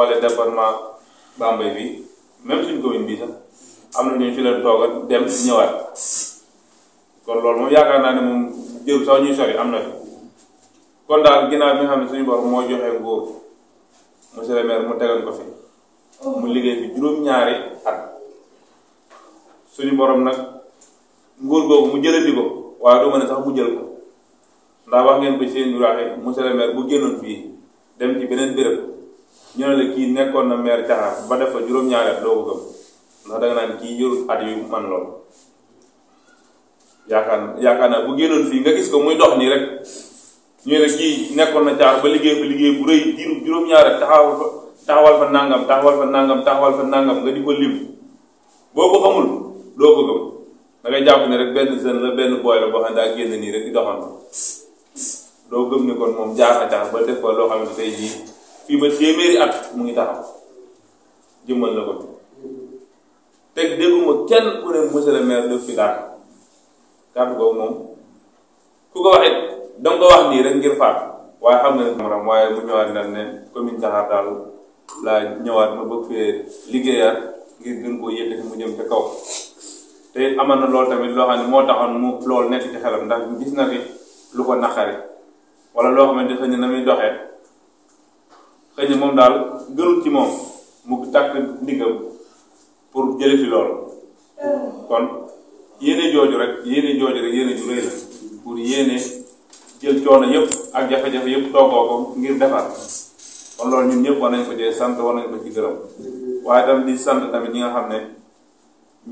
xoolee département Bambey bi même suñ commune bi sax am na ñun fi leen toogal dem ñëwaat kon loolu moom yaakaar naa ne moom jëm sax ñuy sori am na fi kon daal ginnaaw bi nga xam ne suñu borom moo joxe ngóor monsieur le maire mu tegal ko fi mu liggéey fi juróom-ñaari at suñu borom nag nguur googu mu jëlati ko waaye du ma ne sax mu jël ko ndax wax ngeen ko seen bi waxee monsieur le maire bu génnoon fii dem ci beneen béréb ñu ne la kii nekkoon na maire Caxaar ba def fa juróom-ñaari at doo ko gëm ndax danga naan kii yorut at yu man lool yaakaar yaakaar naa bu génnoon fii nga gis ko muy dox nii rek ñu ne kii nekkoon na Caxaar ba liggéey fa liggéey bu rëy diiru juróom-ñaari taxawal fa taxawal fa nangam taxawal fa nangam taxawal fa nangam nga di ko lim boo ko xamul doo ko gëm da ngay jàpp ne rek benn sene la benn boy la boo xam daa génn nii rek di loo doo gëm ne kon moom jaar na Caxaar ba def fa loo jii. fii ba téeméeri at mu ngi taxaw jëmmal na ko teg dégguma kenn ku ne monsieur le maire def fi dara kàddu googu moom ku ko waxee danga ko wax nii rek ngir faat waaye xam nga ne moom waaye mu ñëwaat nag ne commune Caxaar daal laa ñëwaat ma bëgg fee liggéeyaat ngir gën koo yëkkati mu jëm ca kaw te amal na loolu tamit loo xam ne moo taxoon mu loolu nekk ci xelam ndax gis na fi lu ko naqari wala loo xamante ne na muy doxee. xëy na moom daal gënul ci moom mu tàkk ndigam pour jële fi loolu kon yéene jooju rek yéene jooju rek yéene ju rëy la pour yéene jël coono yëpp ak jafe-jafe yëpp toggoo ko ngir defar kon loolu ñun ñëpp war nañ ko jee sant war nañ ko ci gërëm waaye tam di sant tamit ñi nga xam ne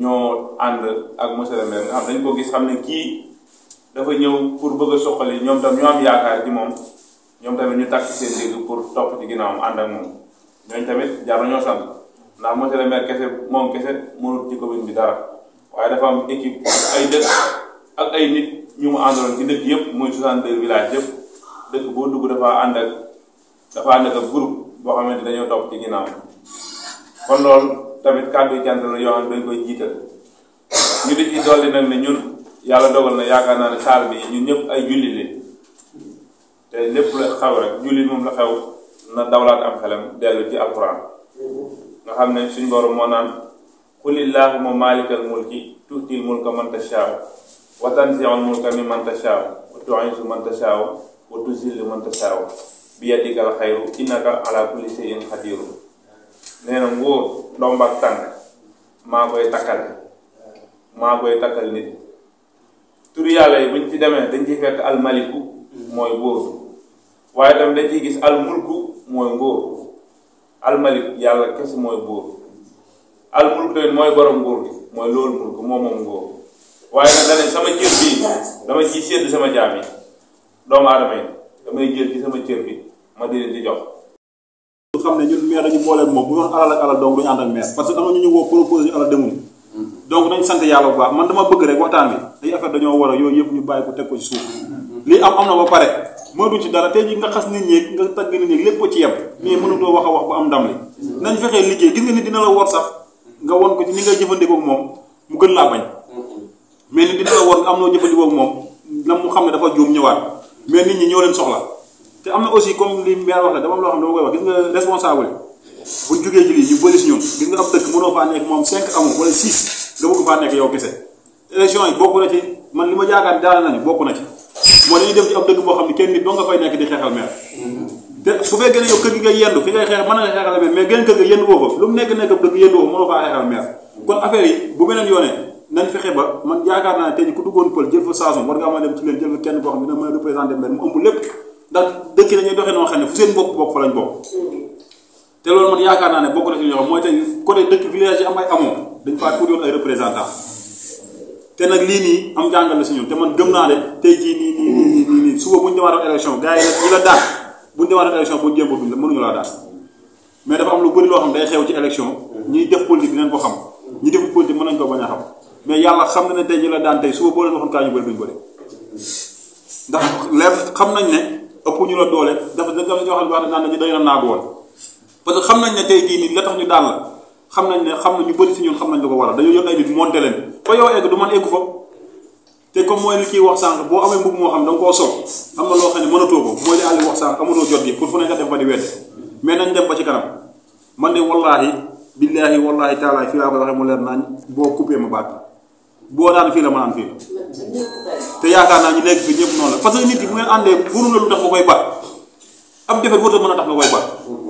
ñoo ànd ak monsieur nga xam dañ ko gis xam ne kii dafa ñëw pour bëgg a ñoom tam ñoo am yaakaar ci moom ñoom tamit ñu takk seen digg pour topp ci ginnaawam ànd ak moom ñooñu tamit jaar nañoo sant ndax monsieur le maire kese moom kese mënut ci commune bi dara waaye dafa am équipe ay dëkk ak ay nit ñu mu àndaloon ci dëkk yëpp muy 62 villages yëpp dëkk boo dugg dafa ànd ak dafa ànd ak groupe boo xamante dañoo topp ci ginnaaw kon loolu tamit kàddu yi la yoo xam ne dañ koy jiital ñu di ci dolli nag ne ñun yàlla dogal na yaakaar naa ne saal bi ñun ay lépp la xaw rek julli moom la xew na dawlaat am xelam dellu ci alquran nga xam ne suñ borom moo naan qulillahuma malikal mulki tuutil mulka man tashaa wa tanzi'ul mulka mimman tashaa wa tu'izzu man tashaa wa tuzillu man tashaa bi yadikal xayru innaka ala kulli shay'in qadirun nee na nguur ndomb ak tànk maa koy takkal maa koy takkal nit turu yi buñ ci demee dañ ciy fekk almaliku mooy buur waaye tam da ciy gis almulku mooy nguur almalik yàlla kese mooy buur almulku tamit mooy borom nguur gi mooy loolu mulku moom moom nguur waaye nag danañ sama cër bi dama ciy sédd sama jaam yi doomu aadama yi damay jël ci sama cër bi ma di leen di jox ñu xam ne ñun maire dañu booleen moom bu ñu alal alal donc duñu ànd ak maire parce que am ñu ñu woo proposé alal demul donc nañ sant yàlla bu baax man dama bëgg rek waxtaan bi ay affaire dañoo war a yooyu yëpp ñu bàyyi ko teg lii am am na ba pare mënatuñ ci dara tey ji nga xas nit ñi nga tagg nit ñi lépp ci yem mais mënatoo wax a wax bu am ndam li nañ fexee liggéey gis nga ni dina la war sax nga won ko ci ni ngay jëfandikoo moom mu gën laa bañ mais ni dina la war nga am na mu xam ne dafa juum ñëwaat mais nit ñi ñoo leen soxla te am na aussi comme li maire wax la dama loo xam ne dama koy wax gis nga responsable bu ñu jógee ci lii ñu bëri si ñun gis nga ab dëkk mënoo faa nekk moom 5 amul wala 6 nga bëgg faa nekk yow kese élection li ma yaakaar daal nañu bokk na ci moo dañuy dem ci ab dëkk boo xam ne kenn nit doo nga fay nekk di xeexal meer te bu fekkee ne yow kër gi nga yendu fi ngay nga xeexal meer mais genn kër fa lu mu nekk kon affaire yi bu beneen yoonee nañ fexe ba man yaakaar naa ne tey ku duggoon pël jël fa saison war nga mën a dem ci leen jël fa kenn koo xam ne fu seen bokk bokk fa lañ bokk te loolu man yaakaar naa ne bokk na ci ñoo xam mooy tey côté dëkk village yi am ay amoo dañ faa tuuti woon ay représentant te nag lii nii am jàngal la si ñoom te man gëm naa de tey jii nii nii nii nii nii suba bu ñu demaatoon élection gars yi nag ñi la daan bu ñu demaatoon élection bu ñu jéem a mënuñu laa daan mais dafa am lu bëri loo xam day xew ci élection ñiy def politique dinañ ko xam ñi def politique mën nañ ko bañ a xam mais yàlla xam na ne tey ñi la daan tey suba boo leen waxoon kaa ñu bëri duñ bëri ndax leer xam nañ ne ëpp ñu la doole dafa dañ ñoo xam ne na naan dañu dañ la naa woon parce que xam nañ ne tey jii nii la tax ñu daan la xam nañ ne xam nañ ñu bëri si ñun xam nañ lu ko waral dañoo yor ay nit monté leen ba yow egg du man eggu fa te comme mooy li kii wax sànq boo amee mbubb moo xam da nga koo sol am na loo xam ne mënatoo ko mooy li àlli wax sànq amatoo jot gi pour fu ne nga dem fa di wedd mais nañ dem ba ci kanam man de wallaahi billaahi wallaahi taala fii laa koy waxee mu leer naañ boo coupé ma baat boo naan fii la ma naan fii la te yaakaar naa ñu léegi fi ñëpp noonu la parce que nit ki bu ngeen àndee buru la lu tax nga koy baat am defet wërta mën a tax nga koy baat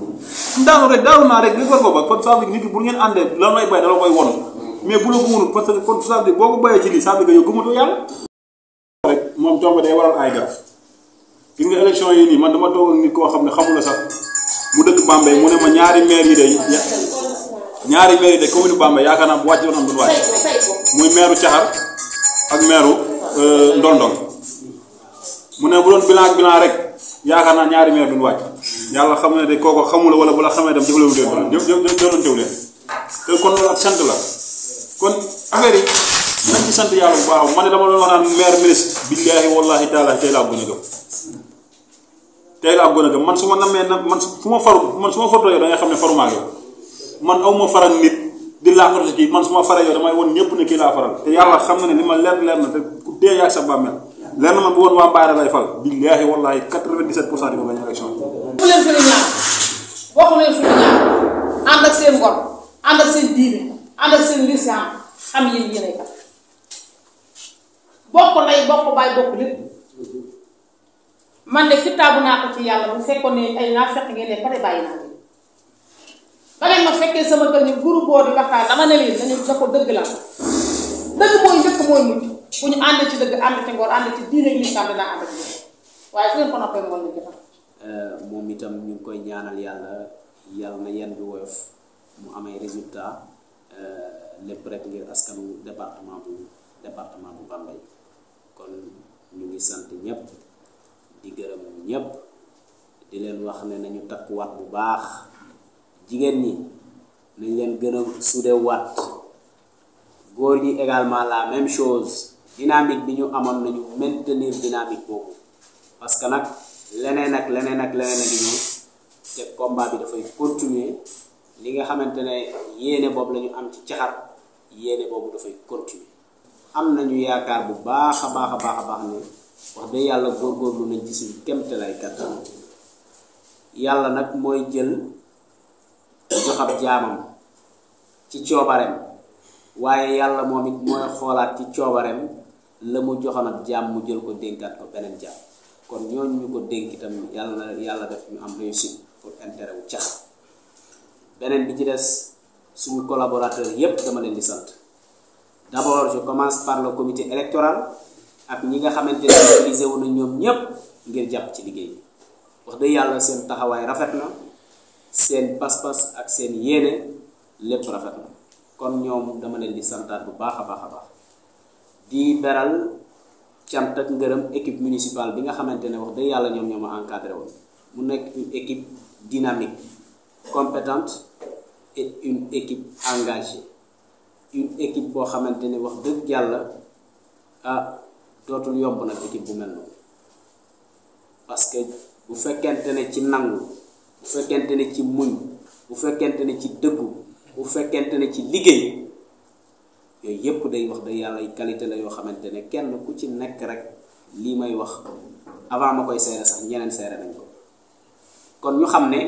daanu rek daanu naa rek li war ko ba kon ça bu ngeen àndee lan may bay dala koy won mais bu la que kon ça boo ko bayee ci lii ça veut yi man dama toog nit koo xam ne xamula sax mu dëkk Bambey mu ne ma ñaari meer yi day ñaari maire yi day commune Bambey yaakaar naa mu wàcc woon am duñ muy maire Caxar ak maire euh, mu ne bu doon bilan bilan rek yaakaar naa ñaari maire duñ wàcc yàlla xam ne de kooko xamul wala bu la xamee dem jëflewu leen dara jëf jëf jëflantewu leen te kon loolu ak sant la kon affaire yi nañ ci sant yàlla bu baax man ne dama doon wax naan maire ministre billaahi wallaahi taala tey laa gën a gëm tey laa gën a gëm man su ma namee na man su ma faru man su ma farutoo yow da ngay xam ne farumaa ak yow man aw ma faral nit di laaxatu ci man su ma faree yow damay woon ñëpp ne kii laa faral te yàlla xam na ne li ma leer leer na te ku dee yàgg sa bàmmeel leer na ma bu woon waa Mbaare lay fal billaahi wallaahi 97 pour cent di ko gañ élection leen suñu ñaan waxu leen suñu ñaan ànd ak seen ngor ànd ak seen diine ànd ak seen lislaam am yéen yéenay kat bokk lay bokk baay bokk lépp man de kitaabu naa ko ci yàlla bu fekkoon ne ay naa fekk ngeen ne pare bàyyi naa ba ngeen ma fekkee sama kër ñu ne ko dëgg la dëgg ci dëgg ànd ngor ànd ci Euh, moom itam ñu ngi koy ñaanal yàlla yàlla na yenn bi woyof mu amee résultat euh, lépp rek ngir askanu département bu département bu Bambey kon ñu ngi sant ñépp di gërëm ñépp di leen wax ne nañu takkuwaat bu baax jigéen ñi nañ leen gën a sudewaat góor gi également la même chose dynamique bi ñu amoon nañu maintenir dynamique boobu parce nag leneen ak leneen ak leneen ak ñoom te combat bi dafay continuer li nga xamante ne yéene boobu la ñu am ci caxar yéene boobu dafay continuer am nañu yaakaar bu baax a baax a baax a baax ne wax dëgg yàlla góorgóorlu nañ ci suñu kemte lay kattan yàlla nag mooy jël jox ab jaamam ci coobareem waaye yàlla moom it mooy xoolaat ci coobareem la mu joxoon ab jaam mu jël ko dénkaat ko beneen jaam kon ñooñu ñu ko dénk itam yàlla na yàlla def ñu am na réussite pour intérêt wu beneen bi ci des suñu collaborateurs yépp dama leen di sant d'abord je commence par le comité ak ñi nga xamante ne mobilisé wu na ñoom ñépp ngir jàpp ci liggéey wax dëgg yàlla seen taxawaay rafet na seen pas-pas ak seen yéene lépp rafet na ñoom dama leen di santaat bu baax a baax a baax di beral cant ak ngërëm équipe municipale bi nga xamante ne wax dëgg yàlla ñoom ñoo ma encadré woon mu nekk une équipe dynamique compétente et une équipe engagée une équipe boo xamante ne wax dëgg yàlla ah dootul yomb nag équipe bu mel noonu parce que bu fekkente ne ci nangu bu fekkente ne ci muñ bu fekkente ne ci dëggu bu fekkente ne ci liggéey. yooyu yëpp day wax dëgg yàlla ay qualité la yoo xamante ne kenn ku ci nekk rek lii may wax avant ma koy seere sax ñeneen seere nañ ko kon ñu xam ne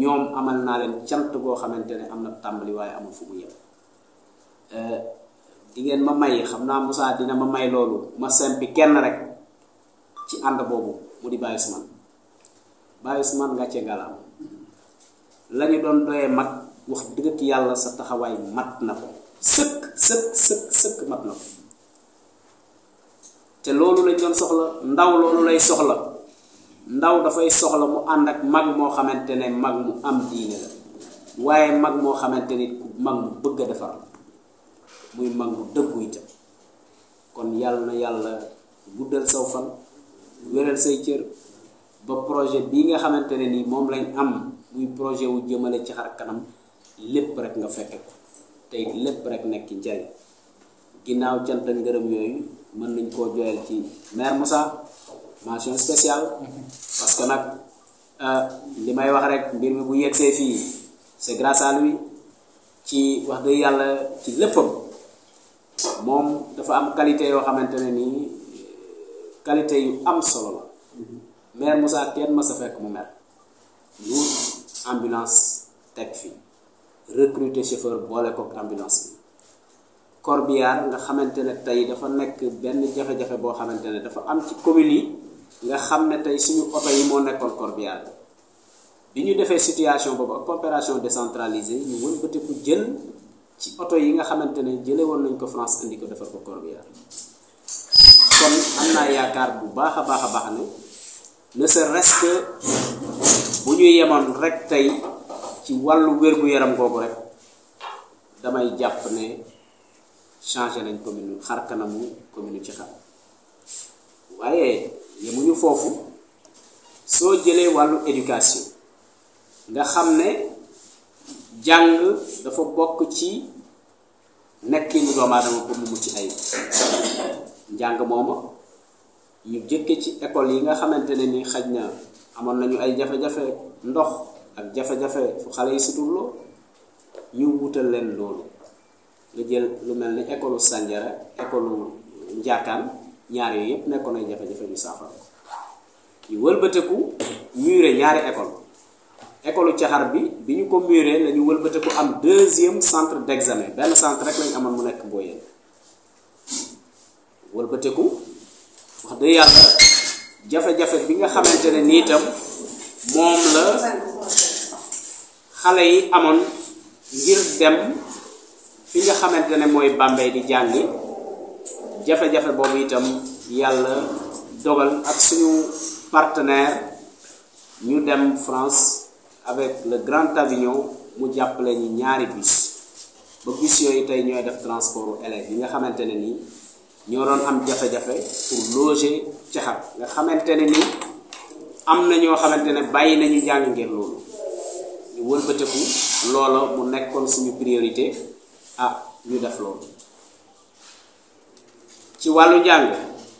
ñoom amal naa leen cant goo xamante ne am na tàmbali waaye amul fu mu yem euh, ngeen ma may xam naa Moussa dina ma may loolu ma simpi kenn rek ci ànd boobu mu di Baye Ousmane nga cee ngalaam la ñu doon doyee mag wax dëgg yàlla sa taxawaay mat na ko sëkk sëkk sëkk sëkk mat na ko te loolu la doon soxla ndaw loolu lay soxla ndaw dafay soxla mu ànd ak mag moo xamante ne mag mu am diine la waaye mag moo xamante ni ku mag mu bëgg a defar muy mag mu dëggu itam kon yàlla na yàlla guddal saw fan wéral say cër ba projet bii nga xamante ne ni moom lañ am muy projet wu jëmale ci xar kanam lépp rek nga fekke ko te lépp rek nekk ci njariñ ginnaaw cant ak ngërëm yooyu mën nañ koo jooyal ci maire Moussa mention spéciale parce que nag euh, li may wax rek mbir mi bu yegsee fii c'est grâce à ci wax dëgg yàlla ci léppam moom dafa am qualité yoo xamante ne nii qualité yu am solo la maire Moussa kenn ma sa fekk mu mer lu ambulance teg fii recruter chauffeur boole kook ambulance bi corbillard nga xamante ne tey dafa nekk benn jafe-jafe boo xamante ne dafa am ci commune yi nga xam ne tey suñu oto yi moo nekkoon corbillard bi ñu defee situation boobu ak coopération décentralisée ñu wëlbatiku jël ci oto yi nga xamante ne jële woon nañ ko France indi ko defar ko corbillard kon am naa yaakaar bu baax a baax a baax ne ne serait-ce bu ñu yemoon rek tey ci wàllu wér-gu-yaram googu rek damay jàpp ne changé nañ commune xar kanamu commune ci xam waaye yemuñu foofu soo jëlee wàllu éducation nga xam ne jàng dafa bokk ci nekkinu doomu aadama pour mu mucc ay njàng mooma ñu jëkke ci école yi nga xamante ne ni xaj na amoon nañu ay jafe-jafe ndox ak jafe-jafe xale yi suturloo ñu wutal leen loolu nga jël lu mel ni école sànjara école Njaakaan ñaar yooyu yëpp nekkoon ay jafe-jafe ñu saafara ñu wëlbateku ñaari école école caxar bi bi ñu ko muré lañu ñu wëlbateku am deuxième centre d'examen benn centre rek lañu amoon mu nekk Mboyeen wëlbateku wax dëgg yàlla jafe-jafe bi nga xamante ne nii tam moom la. xale yi amoon ngir dem fi nga xamante ne mooy Bambey di jàngi jafe-jafe boobu itam yàlla dogal ak suñu partenaire ñu dem France avec le Grand Avignon mu jàppale ñu ñaari bus ba bus yooyu tey ñooy def transport élèves yi nga xamante ne nii ñoo doon am jafe-jafe pour loger Caxar nga xamante ne ni am na ñoo xamante ne bàyyi nañu jàng ngir loolu wëlbateku loola mu nekkoon suñu priorité ah ñu def loolu ci wàllu jàng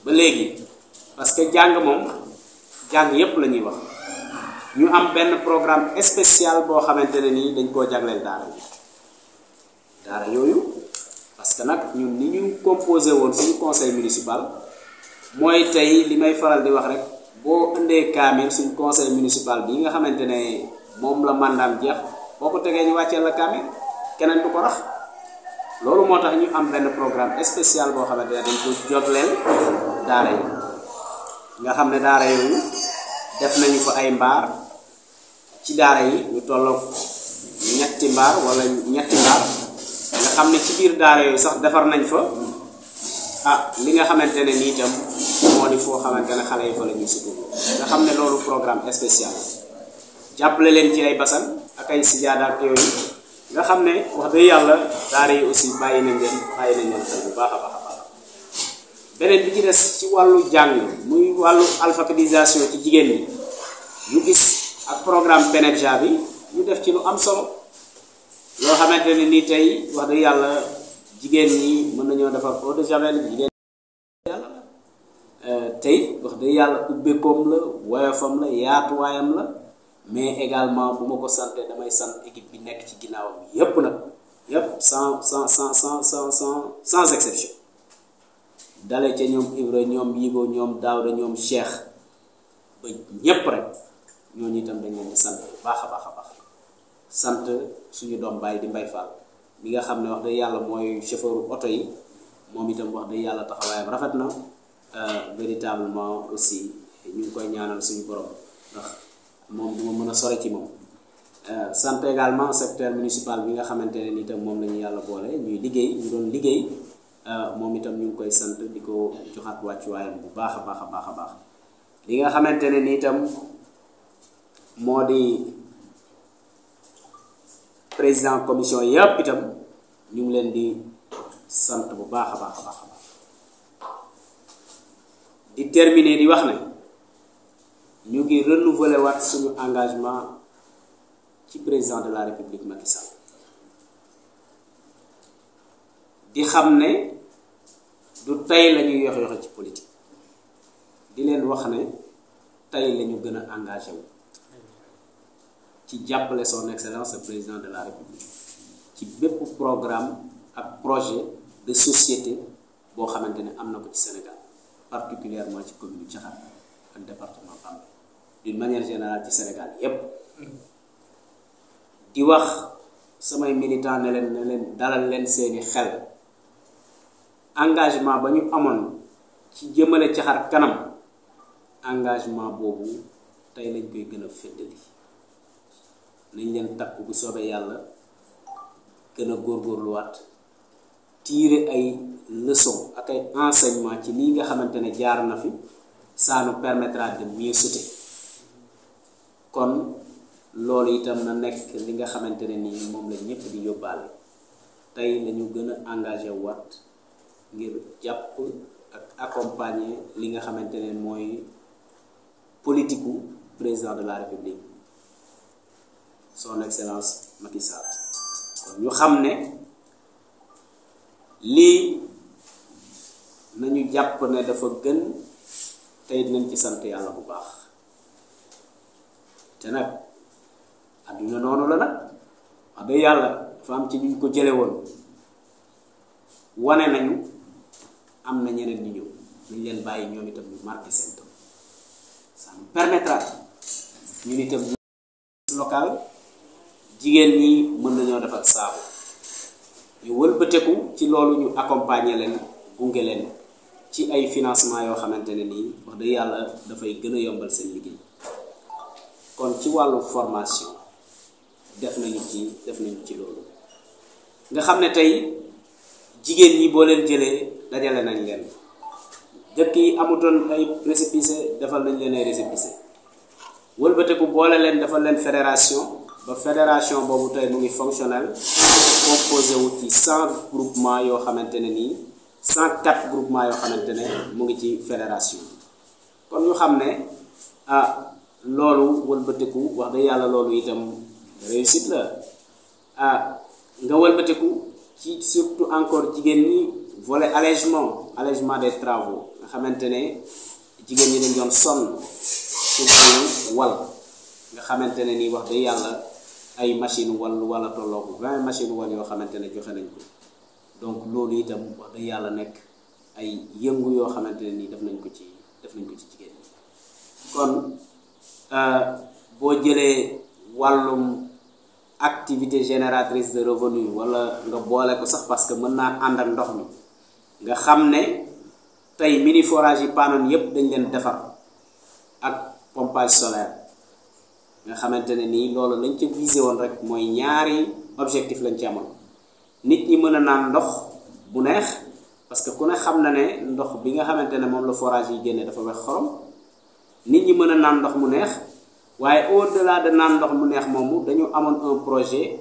ba léegi parce que jàng moom jàng yépp la wax ñu am benn programme spécial boo xamante ne nii dañ koo jagleel daara yi daara yooyu parce que nag ñun ni ñu composé woon suñu conseil municipal mooy tey li may faral di wax rek boo indee kaamil suñ conseil municipal bi nga xamante ne moom la mandaam jeex boo ko tegee ñu wàccee la kaamil keneen du ko rax loolu moo tax ñu am benn programme spécial boo xamante ne dañ ko jogleel daara nga xam ne daara yooyu def nañu ko ay mbaar ci daara yi ñu tolloog ñetti wala ñetti mbaar nga xam ne ci sax defar nañ fa ah li nga xamante ne nii itam moo di foo xamante ne xale yi fa la ñuy sukkandiku nga xam ne loolu programme spécial jàppale leen ci ay basan ak ay sijaada ak yooyu nga xam ne wax dëgg yàlla daara yi aussi bàyyi nañ leen bàyyi nañ leen bu baax a baax a baax beneen bi ci des ci wàllu jàng muy wàllu alphabétisation ci jigéen ñi ñu gis ak programme PENEDJA bi ñu def ci lu am solo loo xamante ne nii tey wax dëgg yàlla jigéen ñi mën nañoo defar eau de javel jigéen yàlla euh, tey wax dëgg yàlla ubbeekoom la woyofam la yaatuwaayam la mais également bu ma ko sante damay sant équipe bi nekk ci ginnaawam yépp nag yépp sans sans sans sans sans sans sans exception dale ca ñoom Ibra ñoom Yigo ñoom Daawda ñoom Cheikh ba ñépp rek ñooñu dañ leen di sant bu baax a baax a baax sant suñu doom bàyyi di Mbay Fall bi nga xam ne wax dëgg yàlla mooy chauffeur oto yi moom itam wax dëgg yàlla taxawaayam rafet na euh, véritablement aussi ñu ngi koy ñaanal suñu borom ndax moom duma mën a sore ci moom euh, sant également secteur municipal bi nga xamante ne ni itam moom la ñu yàlla boole ñuy liggéey ñu doon liggéey euh, moom itam ñu ngi koy sant di ko joxaat wàccuwaayam bu baax a baax baax baax li nga xamante ne ni itam moo di président commission yëpp itam ñu ngi leen di sant bu baax a baax a baax a baax di terminer di wax na ñu ngi renouveler waat suñu engagement ci président de la république Macky Sall di xam ne du tey la ñuy yox yoxe ci politique di leen wax ne tey la ñu gën a engagé wu ci jàppale son excellence le président de la république ci bépp programme ak projet de société boo xamante ne am na ko ci Sénégal particulièrement ci commune Diakhar ak département Bambey d'une manière générale ci Sénégal yépp di wax samay militant ne leen ne leen dalal leen seeni xel engagement ba ñu amoon ci jëmale Caxar kanam engagement boobu tey lañ koy gën a féddali nañ leen takk bu soobee yàlla gën a góor góorgóorluwaat tiire ay leçon ak ay enseignement ci lii nga xamante ne jaar na fi ça nous permettra de mieux kon loolu itam na nekk li nga xamante ne nii moom la ñëpp di yóbbaale tey lañu gën a engagé waat ngir jàpp ak accompagner li nga xamante ne mooy politiku président de la république son excellence Macky Sall kon ñu xam ne lii nañu jàpp ne dafa gën tey dinañ ci sant yàlla bu baax te nag adduna noonu la nag wax dëgg yàlla dafa am ci ñu ko jële woon wane nañu am na ñeneen ñu ñëw ñu leen bàyyi ñoom itam ñu marqué seen tool ça nous permettra ñun itam local jigéen ñi mën nañoo ak saabu ñu wëlbateku ci loolu ñu accompagner leen gunge leen ci ay financement yoo xamante ne nii wax dëgg yàlla dafay gën a yombal seen liggéey kon ci wàllu formation def nañu ci def nañu ci loolu nga xam ne tey jigéen ñi boo leen jëlee dajale nañ leen dëkk yi amutoon ay récépissé defal nañ leen ay récépissé wëlbateku boole leen defal leen fédération ba fédération boobu tey mu ngi fonctionnel composé wu ci cent groupement yoo xamante ne nii cent quatre groupement yoo xamante ne mu ngi ci fédération kon ñu xam ne ah loolu wëlbatiku wax dëgg yàlla loolu itam réussite la ah nga wëlbatiku ci surtout encore jigéen ñi volet allègement allègement des travaux nga xamante ne jigéen ñi dañ doon sonn suñu wal nga xamante ne nii wax dëgg yàlla ay machine wal wala tollooku vingt machine wal yoo xamante ne joxe nañ ko donc loolu itam wax dëgg yàlla nekk ay yëngu yoo xamante ne nii def nañ ko ci def nañ ko ci jigéen kon Euh, boo jëlee wàllum activité génératrice de revenu wala nga boole ko sax parce que mën naa ànd ak ndox mi nga xam ne tey mini forage yi paanoon yépp dañ leen defar ak pompage solaire nga xamante ne nii loolu lañ ci visé woon rek mooy ñaari objectif lañ ci amoon nit ñi mën a naan ndox bu neex parce que ku ne xam na ne ndox bi nga xamante ne moom la forage yi génne dafa weex xorom nit ñi mën a naan ndox mu neex waaye au delà de naan ndox mu neex moomu dañu amoon un projet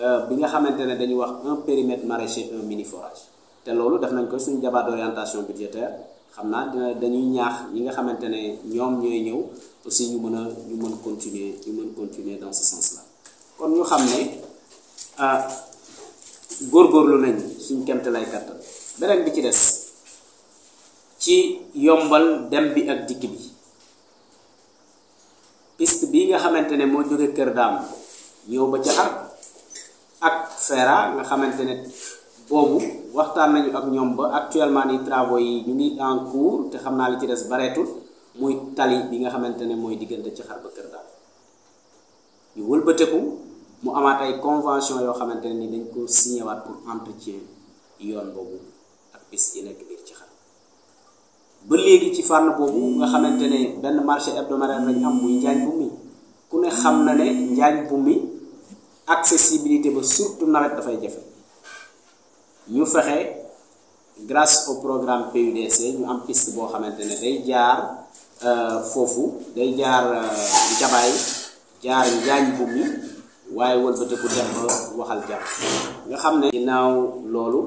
euh, bi nga xamante ne dañu wax un périmètre maraîcher un mini forage te loolu def nañ ko suñu débat d'orientation budgétaire xam naa dañuy ñaax ñi nga xamante ne ñoom ñooy ñëw aussi ñu mën a ñu mën continuer ñu mën continuer dans ce sens là kon ñu xam ne euh, góorgóorlu nañ suñ kemt lay kattan beneen bi ci des ci yombal dem bi ak dikk bi nga xamante ne moo jóge Kër Daam ñëw ba Caxar ak Fera nga xamante ne boobu waxtaan nañu ak ñoom ba actuellement ni travaux yi ñu ngi en cours te xam naa li ci des bareetul muy tali bi nga xamante ne mooy diggante Caxar ba Kër Daam ñu wëlbateku mu amaat ay convention yoo xamante ne nii dañ ko signé waat pour entretien yoon boobu ak bis yi nekk biir Caxar ba léegi ci fànn boobu nga xamante ne benn marché hebdomadaire lañ am muy njaañ bu ku ne xam na ne njaañ bu mi accessibilité ba surtout nawet dafay jafe ñu fexe grâce au programme PUDC ñu am piste boo xamante ne day jaar euh, foofu day jaar njabaay euh, jaar njaañ bu mi waaye wëlbatiku dem ba waxal jàpp nga xam ne ginnaaw loolu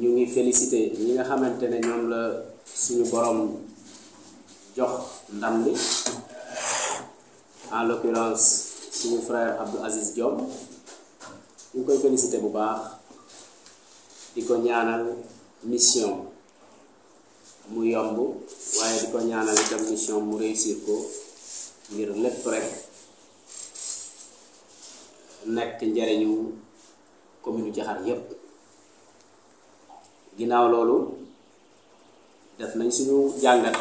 ñu ngi félicité ñi nga xamante ne ñoom la suñu borom jox ndam li en l'occurrence suñu frère Abdou Aziz Diom ñu koy félicité bu baax di ko ñaanal mission mu yomb waaye di ko ñaanal itam mission mu réussir ko ngir lépp rek nekk njariñu commune Jaxaar yépp ginnaaw loolu def nañ suñu jàngat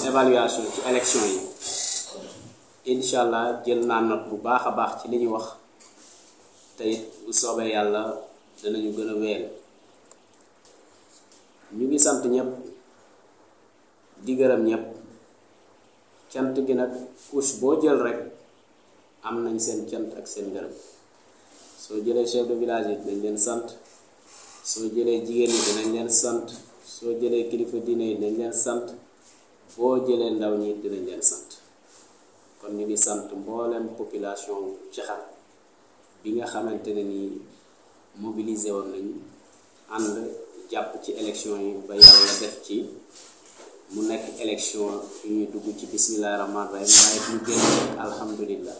évaluation ci élection yi incha allah jël naa note bu baax a baax ci li ñu wax tey it bu soobee yàlla danañu gën a weel ñu ngi sant ñëpp di gërëm ñëpp cant gi nag couche boo jël rek am nañ seen cant ak seen gërëm soo jëlee chef de village yi dinañ leen sant soo jëlee jigéen yi dinañ sant soo jëlee kilifa diine yi dinañ leen sant foo jëlee ndaw ñi dinañ leen sant kon ñu ngi sant mboolem population Caxar bi nga xamante ne nii mobilisé woon nañ ànd jàpp ci élection yi ba yàlla def ci mu nekk élection yu ñu dugg ci bisimilah rahmaan rahim waaye ñu génn ci ak alhamdulillah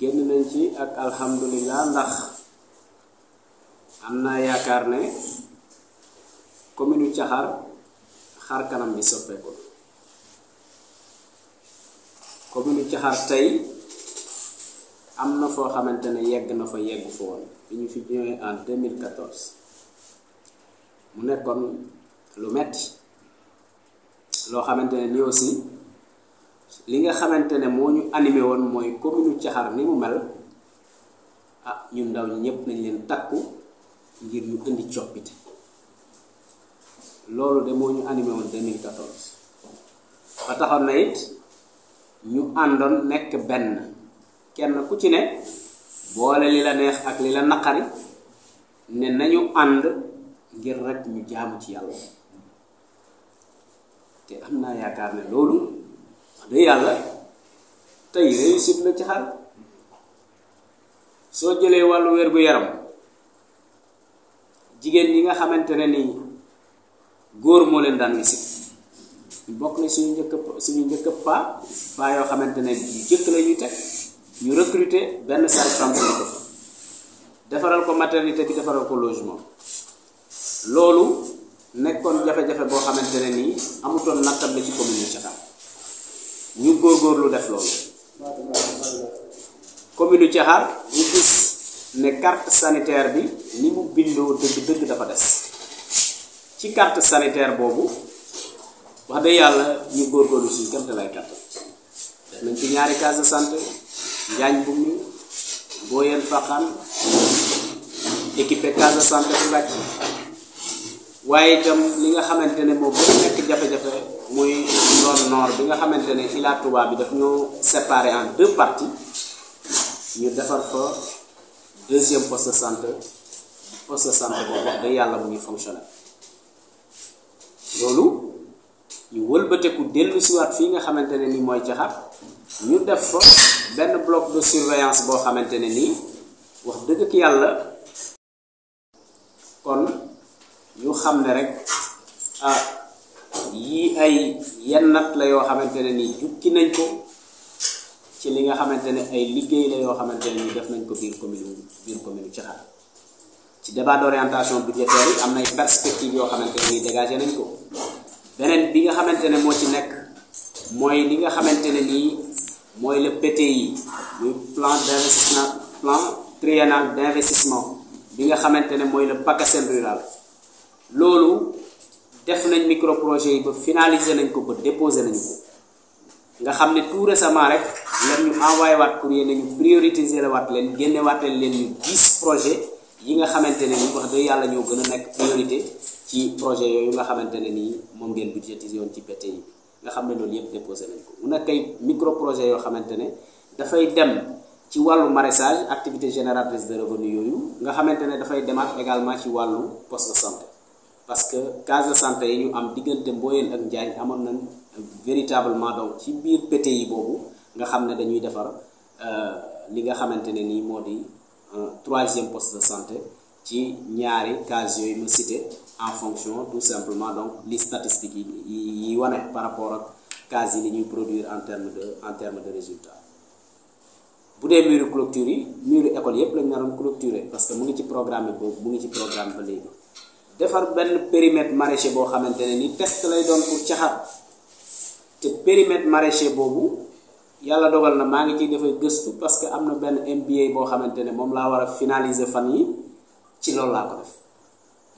génn nañ ci ak alhamdulillah ndax am naa yaakaar ne commune Caxar xar kanam bi soppeeku commune Caxar tey am na foo xamante ne yegg na fa yegg fa woon ñu fi ñëwee en 2014 mu nekkoon lu metti loo xamante ne ni aussi li nga xamante ne moo ñu animé woon mooy commune Caxar ni mu mel ah ñun ndaw ñi ñëpp nañ leen takku ngir ñu indi coppite. loolu de moo ñu animé woon 2014 ba taxoon na it ñu àndoon nekk benn kenn ku ci ne boole li la neex ak li la naqari ne nañu ànd ngir rek ñu jaamu ci yàlla te am naa yaakaar ne loolu wax dëgg yàlla tey réussite la ci xar soo jëlee wàllu wér gu yaram jigéen ñi nga xamante ne nii góor moo leen daan gisee bokk na suñu njëkk suñu njëkk paa paa yoo xamante ne yu jëkk la ñuy teg ñu recruter benn salle femme ko defaral ko maternité bi defaral ko logement loolu nekkoon jafe-jafe boo xamante ne nii amutoon nattab na ci commune de Thiakhar ñu lu def loolu commune de Thiakhar ñu gis ne carte sanitaire bi ni mu bindoo dëgg dëgg dafa des ci carte sanitaire boobu wax dëgg yàlla ñu góorgóorlu suñu kéem lay kattan def nañ ci ñaari case de santé Njaañ Bugni Mboyeen Faxaan équipé case de santé bu Mbàcc waaye itam li nga xamante ne moom ba nekk jafe-jafe muy zone nord bi nga xamante ne Ila Touba bi daf ñoo séparé en deux parties ñu defar fa deuxième poste de santé poste de santé boobu wax dëgg yàlla mu ngi fonctionné. loolu ñu wëlbateku dellu siwaat fii nga xamante ne ni mooy jaxar ñu def fa benn bloc de surveillance boo xamante ne nii wax dëgg ak yàlla kon ñu xam ne rek ah yii ay yennat la yoo xamante ne nii jukki nañ ko ci li nga xamante ne ay liggéey la yoo xamante ne nii def nañ ko biir commune biir commune Thiakhar ci débat d'orientation budgétaire yi am nay perspectives yoo xamante ni dégagé nañ ko beneen bi nga xamante ne moo ci nekk mooy li nga xamante ne nii mooy le PTI muy plan d'investissement plan triennal d'investissement bi nga xamante ne mooy le PACASEN rural loolu def nañ micro projet yi ba finaliser nañ ko ba déposer nañ ko nga xam ne tout récemment rek lan ñu envoyé waat courrier nañu prioritiser waat leen génne waat leen ñu 10 projets yi nga xamante ne ni wax dëgg yàlla ñoo gën a nekk priorité ci projet yooyu nga xamante ne nii moom ngeen budgétisé yoon ci BTI yi xam ne loolu yëpp déposé nañ ko mu nekk ay micro projet yoo xamante ne dafay dem ci wàllu maraîchage activité génératrice de revenu yooyu nga xamante ne dafay demaat également ci wàllu poste de santé parce que case de santé ñu am diggante Mboyeen ak Njaañ amoon nañ véritablement donc ci biir BTI yi boobu nga xam ne dañuy defar euh, li nga xamante ne nii moo di Euh, troisième poste de santé ci ñaari cas yooyu ma cité en fonction tout simplement donc li statistiques yi yi wane par rapport ak cas yi li ñuy produire en terme de en terme de résultat bu dee muru clôture yi muru école yëpp lañ naroon clôturer parce que mu ngi ci programme boobu mu ngi ci programme ba léegi defar benn périmètre maraîcher boo xamante ne ni test lay doon pour caxar te périmètre maraîcher boobu yàlla dogal na maa ngi ciy defay gëstu parce que am na benn MBA boo xamante ne moom laa war a finaliser fan yi ci loolu laa ko def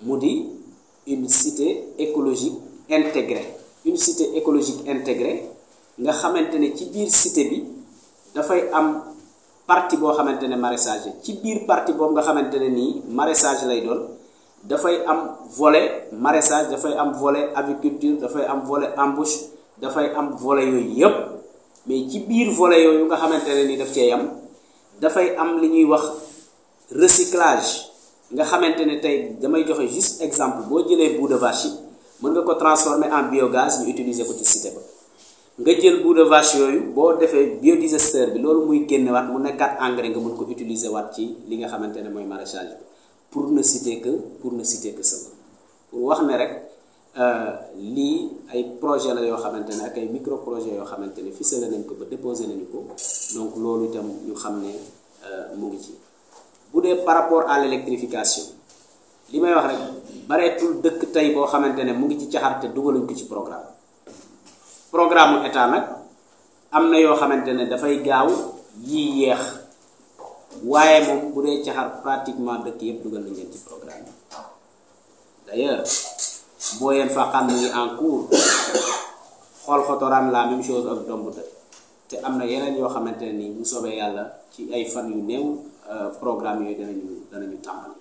mu di une cité écologique intégré une cité écologique intégrée nga xamante ne ci biir cité bi dafay am partie boo xamante ne maraîchage ci biir partie boobu nga xamante ne nii maraîchage lay doon dafay am volet maraîchage dafay am volet aviculture dafay am volet embouche dafay am volet yooyu yëpp mais ci biir volet yooyu nga xamante ne ni daf cee am dafay am li ñuy wax reciclage nga xamante ne tey damay joxe juste exemple boo jëlee bout de vache yi mën nga ko transformer en biogaz ñu utiliser ko ci cité ba nga jël bout de yooyu boo defee biodigesteur bi loolu muy génnewaat mu nekkaat engrais nga mun ko utiliser waat ci li nga xamante ne mooy maraîchage bi pour na citer que pour na citer que ça pour wax ne rek. Euh, lii ay projet la yoo xamante ne ak ay micro projet yoo xamante ne ficelé nañ ko ba déposé nañu ko donc loolu itam ñu xam ne euh, mu ngi ci bu dee par rapport à l'électrification li may wax rek bareetul dëkk tey boo xamante ne mu ngi ci caxar te dugaluñ ko ci programme programme état nag am na yoo xamante ne dafay gaaw yii yeex waaye moom bu dee caxar pratiquement dëkk yëpp dugal nañ leen ci programme d'ailleurs booyeen faqaan mu ngi en cours xool xotoraan laa même chose ak domb te te am na yeneen yoo xamante ne nii bu soobee yàlla ci ay fan yu néew euh, programme yooyu danañu danañu tàmbali